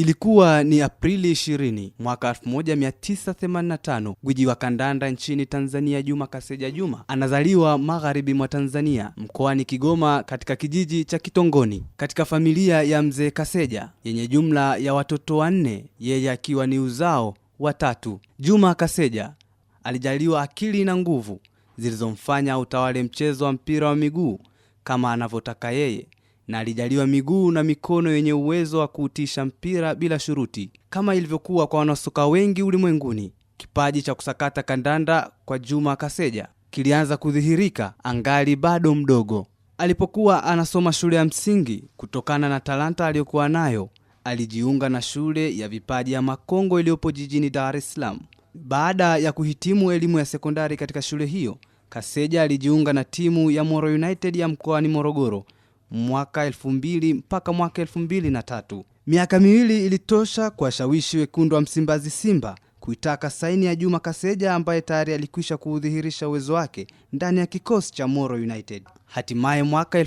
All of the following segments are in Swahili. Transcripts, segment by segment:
Ilikuwa ni Aprili 20 mwaka 1985. Gwiji wa kandanda nchini Tanzania Juma Kaseja Juma anazaliwa magharibi mwa Tanzania mkoani Kigoma, katika kijiji cha Kitongoni, katika familia ya mzee Kaseja yenye jumla ya watoto wanne, yeye akiwa ni uzao wa tatu. Juma Kaseja alijaliwa akili na nguvu zilizomfanya utawale mchezo wa mpira wa miguu kama anavyotaka yeye na alijaliwa miguu na mikono yenye uwezo wa kuutisha mpira bila shuruti kama ilivyokuwa kwa wanasoka wengi ulimwenguni. Kipaji cha kusakata kandanda kwa Juma Kaseja kilianza kudhihirika angali bado mdogo. Alipokuwa anasoma shule ya msingi, kutokana na talanta aliyokuwa nayo, alijiunga na shule ya vipaji ya Makongo iliyopo jijini Dar es Salaam. Baada ya kuhitimu elimu ya sekondari katika shule hiyo, Kaseja alijiunga na timu ya Moro United ya mkoani Morogoro mwaka elfu mbili mpaka mwaka elfu mbili na tatu. Miaka miwili ilitosha kuwashawishi wekundu wa Msimbazi Simba kuitaka saini ya Juma Kaseja ambaye tayari alikwisha kuudhihirisha uwezo wake ndani ya kikosi cha Moro United. Hatimaye mwaka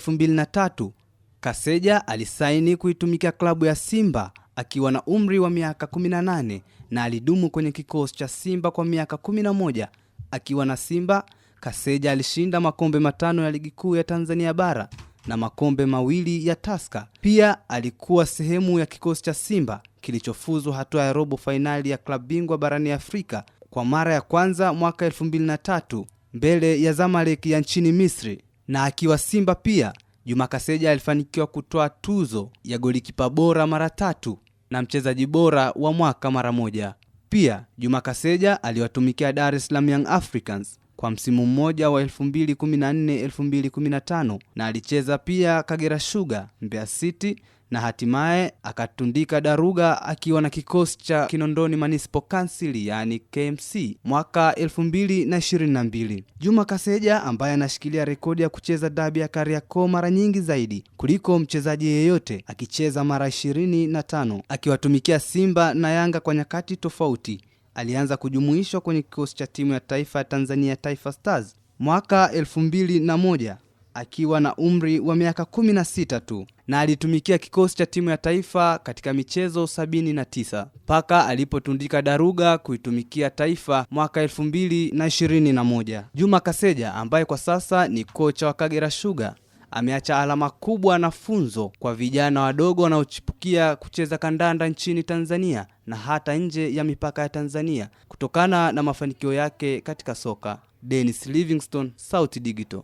tatu Kaseja alisaini kuitumikia klabu ya Simba akiwa na umri wa miaka 18 na alidumu kwenye kikosi cha Simba kwa miaka 11 akiwa na Simba. Kaseja alishinda makombe matano ya ligi kuu ya Tanzania bara na makombe mawili ya Taska. Pia alikuwa sehemu ya kikosi cha Simba kilichofuzwa hatua ya robo fainali ya klabu bingwa barani Afrika kwa mara ya kwanza mwaka tatu mbele ya Zamalek ya nchini Misri. Na akiwa Simba pia Juma Kaseja alifanikiwa kutoa tuzo ya golikipa bora mara tatu na mchezaji bora wa mwaka mara moja. Pia Juma Kaseja aliwatumikia Dar es Salaam Young Africans kwa msimu mmoja wa 2014-2015 na alicheza pia Kagera Sugar, Mbeya City na hatimaye akatundika daruga akiwa na kikosi cha Kinondoni Municipal Council yaani KMC mwaka 2022. Juma Kaseja ambaye anashikilia rekodi ya kucheza dabi ya Kariakoo mara nyingi zaidi kuliko mchezaji yeyote akicheza mara 25 akiwatumikia Simba na Yanga kwa nyakati tofauti alianza kujumuishwa kwenye kikosi cha timu ya taifa ya Tanzania Taifa Stars mwaka 2001 akiwa na umri wa miaka 16 tu na alitumikia kikosi cha timu ya taifa katika michezo 79 mpaka alipotundika daruga kuitumikia taifa mwaka 2021. Juma Kaseja ambaye kwa sasa ni kocha wa Kagera Sugar ameacha alama kubwa na funzo kwa vijana wadogo wanaochipukia kucheza kandanda nchini Tanzania na hata nje ya mipaka ya Tanzania kutokana na mafanikio yake katika soka. Dennis Livingstone, South Digital.